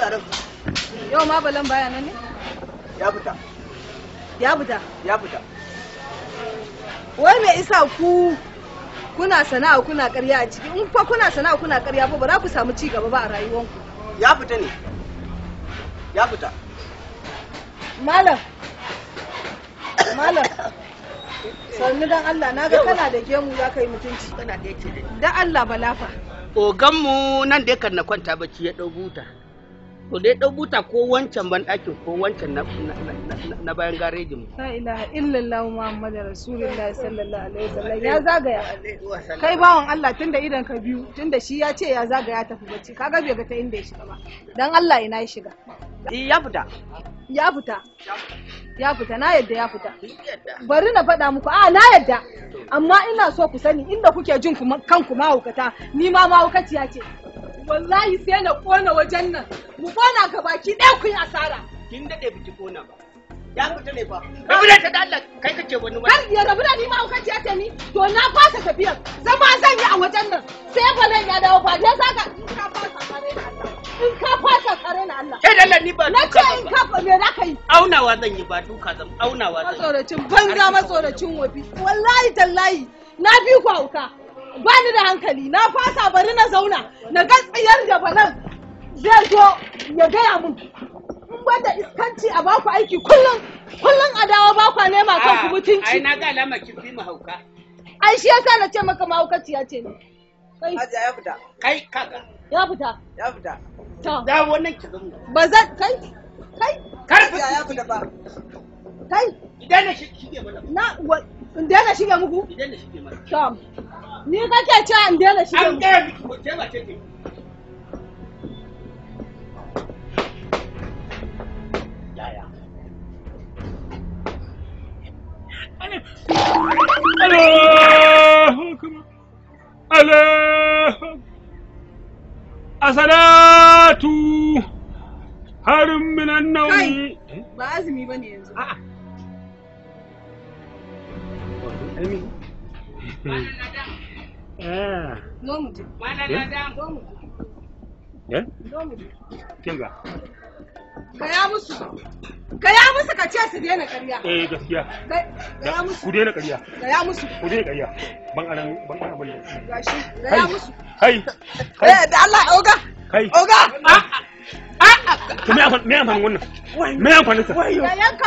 taron yau ma balan baya nan ne ya fita ya fita ya fita wai me isa ku kuna sana'a kuna karya a ciki in fa kuna sana'a kuna karya fa ba za ku samu ci gaba ba a rayuwanku ya fita ne ya fita malam malam sannu dan Allah na ga kana da gemu ya kai mutunci kana da yake Allah balafa ogan mu nan da ya na kwanta bacci ya dau buta to dai ɗan buta ko wancan ban ɗakin ko wancan na bayan garejin mu la ilaha illallah muhammad Rasulullah sallallahu alaihi wasallam ya zagaya kai bawan Allah tunda idan ka biyu tunda shi ya ce ya zagaya tafi bacci kaga bai ga ta inda ya shiga ba dan Allah ina ya shiga ya fita ya fita ya fita na yadda ya fita bari na faɗa muku a na yadda amma ina so ku sani inda kuke jin kanku mahaukata ni ma mahaukaciya ce wallahi sai na kona wajen nan mu kona ga baki ɗaya kun yi asara kin daɗe biki kona ba ya fita ne ba rabu da ta da Allah kai kake wani wani kar ya rabu da ni ma aukan ce ta ni to na fasa tafiyar zama zan yi a wajen nan sai balan ya dawo ba dan saka in ka fasa kare na Allah in ka fasa kare na Allah kai ni ba na ce in ka me zaka ka yi aunawa zan yi ba duka zan aunawa zan matsoracin banza matsoracin wabi wallahi tallahi na bi ku auka ba ni da hankali na fasa bari na zauna na ga tsiyar da balan zai zo ya gaya mun in da iskanci a baku aiki kullum kullum a dawo baku nema kan ku ah, mutunci ai na ga alama kin fi mu hauka ai shi yasa na ce maka mahaukaciya ce ni kai ya fita kai kaga ya fita ya fita to da wannan ki zo ba zan kai kai kar ya fita ba kai idan na shige mana na idan na shige muku idan na shige mana to Ni kake ce an daina shi. An gaya miki ko ke ba ce ke. Yaya. Allahu Akbar. Allahu Asalatu harin minan nauyi. Ba azumi ba ne yanzu. A'a. Eh. Zo eh? eh? Gaya musu. Gaya musu ka ce su daina ƙarya. Eh gaskiya. Gaya musu. Ku daina ƙarya. Gaya musu. Ku daina Ban anan ban anan Gashi. Gaya musu. Kai. Kai. Da Allah oga. Kai. Oga. Ah. to me amfani me amfani wannan me amfani sa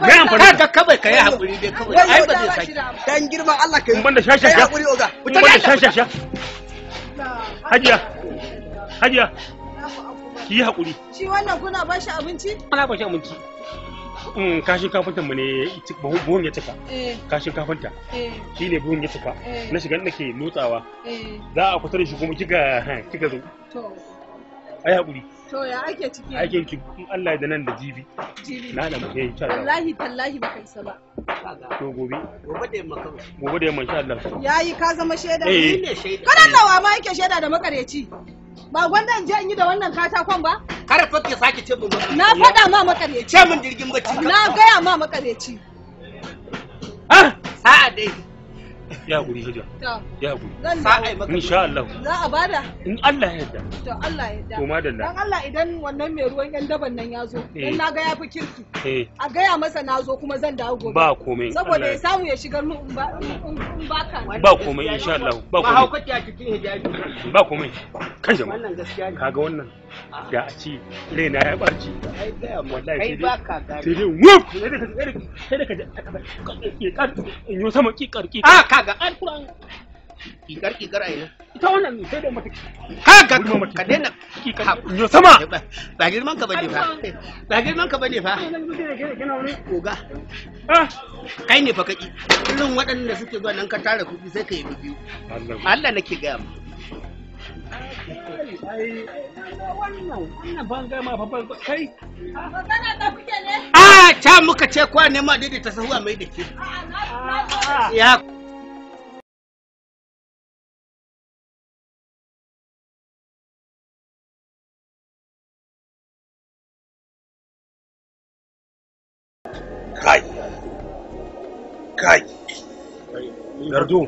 me amfani ka kawai kai hakuri dai kawai ai ba zai saki dan girman Allah kai banda shasha ya hakuri oga banda shasha ya hajiya hajiya ki yi hakuri shi wannan kuna ba shi abinci ana ba shi abinci mm, kashin kafinta mu ne buhun ya cika eh. kashin kafinta eh. shi ne buhun ya cika eh. na shiga nake lotsawa za a kusa da shi kuma kika kika zo ai hakuri To ya ake ciki? Aikin ki in Allah da nan da jibi. Jibi. Na da mutum insha Allah. Wallahi tallahi baka isa ba. To gobe. Gobe da yamma kawai. Gobe da yamma insha Allah. Ya yi ka zama shaida. Eh. Ni ne shaida. Kadan lawa ma yake shaida da makareci. Ba gwanda in je in yi da wannan katakon ba? Kar fa ki sake ce mun. Na faɗa ma makareci. Ce mun jirgin bacci. Na gaya ma makareci. Ah, sa'a dai. ya guri hijira ya guri insha Allah za a bada in Allah ya yarda to Allah ya yarda to madalla dan Allah idan wannan mai ruwan yan daban nan ya zo dan eh. na ga yafi kirki eh. a gaya masa na zo kuma zan dawo gobe ba komai saboda ya samu ya shigar mu in baka ba komai insha Allah ba komai mahaukata cikin hijabi ba komai kan jama'a wannan gaskiya kaga wannan da a ci raina ya ɓaci wallahi sai dai wuf sai dai ka ji a ƙasa ya ƙarƙi ka ga alquran kikar kikar ayi ita wannan sai da mata ka ga ka daina kikar yo sama ba girman ka bane fa ba girman ka bane fa koga ah! kai ne fa kaki irin waɗanda suke zuwa nan ka tara kuɗi sai ka yi biyu Allah nake ga mu A ta muka ce kwa nema daidaita sahuwa mai da ke. Ah, Gardo,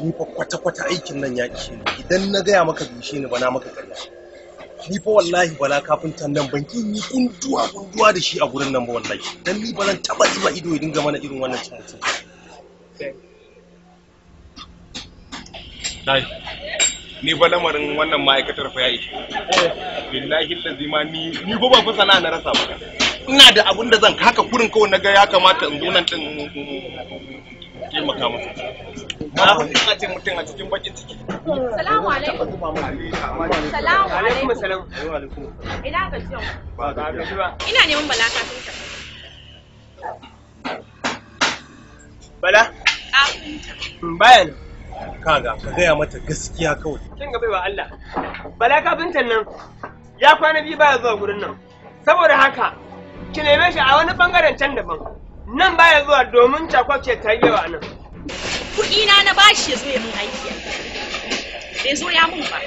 ni fa kwata-kwata aikin nan ya ishe ni idan na gaya maka bishe ni ba na maka karya. Ni fa wallahi bala kafintan nan ban ki ni kunduwa kunduwa da shi a gurin nan ba wallahi. Dan ni bazan taba zuba ido ya dinga mana irin wannan cin mutunci. Dai. Ni ba lamarin wannan ma'aikatar fa ya yi. Billahi lazi ma ni ni ba fa sana'a na rasa ba. Ina da abun da zan haka kurin kawai na ga ya kamata in zo nan din taimaka masa na fi a ce mutum a cikin bakin ciki salamu alaikum salamu alaikum salamu alaikum ina ga jiya ba ga ba ina neman bala ka tunta bala bayan kaga ka gaya mata gaskiya kawai kin ga baiwa Allah bala kafintan nan ya kwana biyu baya zuwa gurin nan saboda haka ki neme shi a wani bangaren can daban nan baya zuwa domin cakwabce ta yawa nan kuɗi na na bashi ya zo ya min aiki bai zo ya mun ba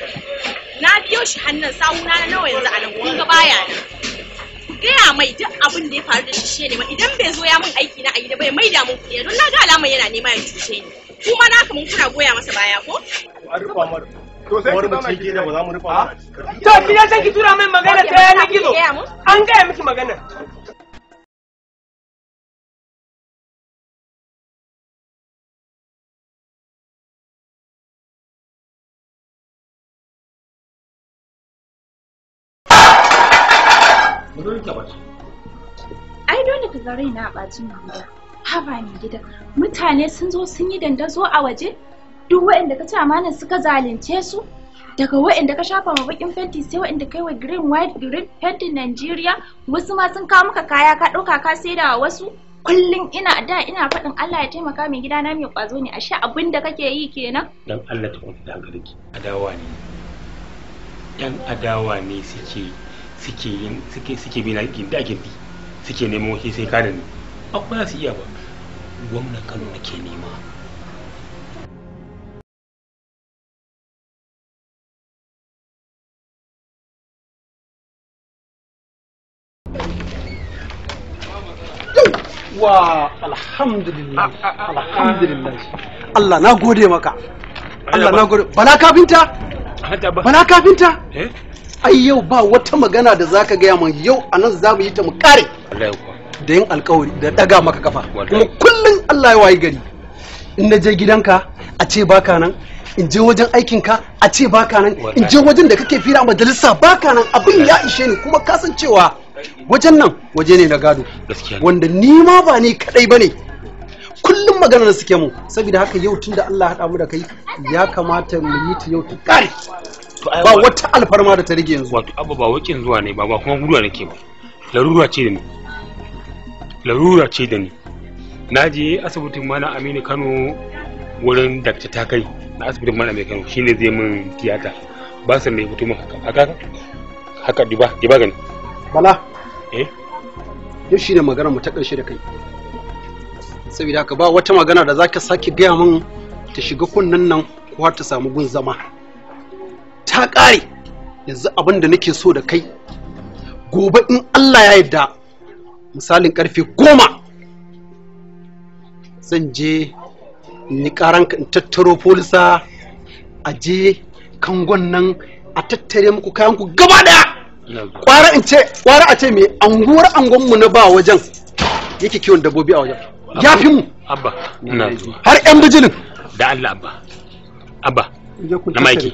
na biyo shi hannun sawuna na nawa yanzu a nan kun ga baya nan gaya mai duk abin da ya faru da shi shi ne idan bai zo ya min aiki na a gida bai mai damun kuɗi don na ga alamar yana nema ya cuce ni kuma na mun kuna goya masa baya ko to sai ki zauna ki da ba ah? sai tura mai magana ta yana gizo an gaya miki magana ai dole ka zare a bacin gida haba ne gida mutane sun zo sun yi dandazo a waje duk waɗanda ka ci amanar suka zalunce su daga waɗanda ka shafa ma bakin fenti sai waɗanda kai wa green white green fentin Najeriya wasu ma sun kawo maka kaya ka ɗauka ka saida wa wasu kullum ina da ina faɗin Allah ya taimaka mai gida na mai kwazo ne ashe abin da kake yi kenan dan Allah ta kwanta da hankalinki adawa ne dan adawa ne suke suke yin suke suke bi na gindi a gindi suke nemo wake sai ka da ni a ba su iya ba gwamnan Kano ke nema wa alhamdulillah ah, ah, ah, alhamdulillah Allah na gode maka Allah na gode bala kafinta bala kafinta eh? ai yau ba wata magana da zaka gaya min yau a nan za mu yi ta mu kare da yin alkawari da daga maka kafa kuma kullum Allah ya wayi gari in na je gidanka a ce baka nan in je wajen aikinka a ce baka nan in je wajen da kake fira majalisa baka nan abin ya ishe ni kuma cewa. wajen nan waje ne na gado wanda ni ma ba ni kadai bane kullum magana da suke mu saboda haka yau tunda Allah ya haɗa mu da kai ya kamata mu yi ta yau ta kare ba wata alfarma da ta rige yanzu wato abu ba wakin zuwa ne ba ba kuma guduwa nake ba larura ce da ni larura ce da ni na je asibitin mana aminu kano wurin dakta ta kai na asibitin mana aminu kano shine zai min tiyata ba su mai fito haka haka haka diba diba gani bala eh yau shine magana mu ta karshe da kai saboda haka ba wata magana da zaka sake gaya min ta shiga kunnan nan ko har ta samu gun zama ta ƙare yanzu abin da nake so da kai gobe in Allah ya yarda misalin karfe goma zan je ni ƙaran in tattaro polisa a je kangon nan a tattare muku kayan ku gaba daya ƙwara in ce ƙwara a ce me anguwar angon mu na ba wajen yake kiwon dabbobi a wajen ya fi mu abba har yan bijilin da Allah abba abba na maiki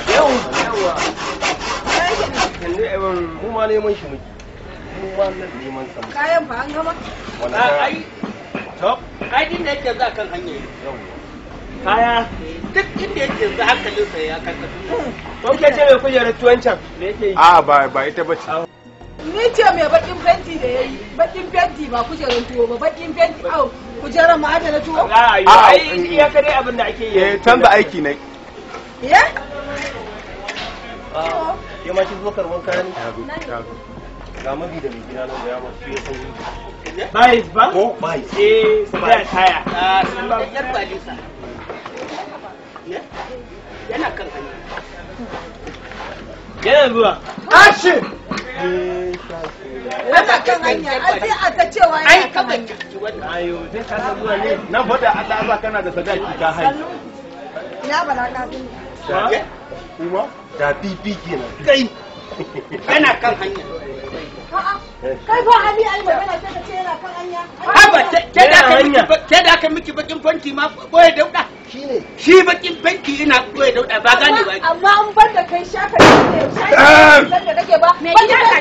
mu ma neman shi muke mu ma nan neman sa kayan fa an gama ah, ai to ai din da yake za kan hanya kaya duk inda yake za hankalin sa ya kan ko ke ce mai kujerar tuwancan me yake yi a ah, ba ba ita bace ni ce mai bakin fenti da yayi bakin fenti ba kujerar tuwo ba bakin fenti au kujerar ma'adana tuwo a ah, ai iya kare abin da ake yi tamba eh, aiki ne eh ke ma ki zo karban ga mabi da mai da ya ya sauri bayis ba ko bayis eh sai kaya sun ah, ba yar yana kan hanya yana zuwa eh, ana kan hanya sai a ta cewa kan hanya ayo zai zuwa ne Allah kana da sadaki ka ya bala ka kuma da bibi kenan kai kana kan hanya kai ba ali ai magana sai ka ce yana kan hanya haba ke da ka miki ke da ka miki bakin fanti ma boye dauda ne shi bakin fanti ina boye dauda ba gane ba amma an bar da kai shaka ne shaka da kake ba me da ka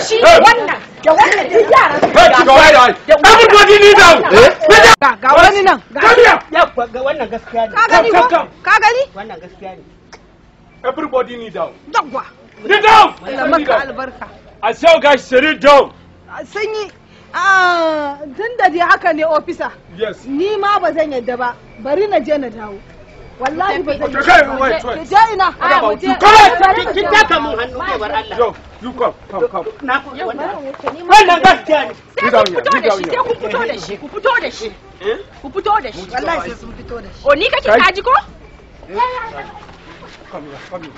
shi ga eh? wannan wannan da wannan duk yaran su ga wai ga wani nan ga wannan gaskiya ne ka gani ka gani wannan gaskiya ne everybody need down dagwa knee down Allah maka albarka a sau gashi sari down sanyi tun da dai haka ne ofisa ni ma ba zan yadda ba bari na je na dawo wallahi ba zai yi je ina a kawai kin taka mun hannu bar Allah yo you come come come na ku wannan wannan gaskiya ne ku fito da shi ku fito da shi ku fito da shi ku fito da shi wallahi sai sun fito da shi o oh, ni kake kaji ko eh? come here come here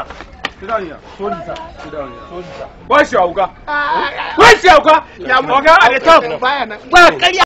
ah, 知道你，说你咋？这样呀，说你咋？为啥要搞？为啥要搞？你们国家还这么腐败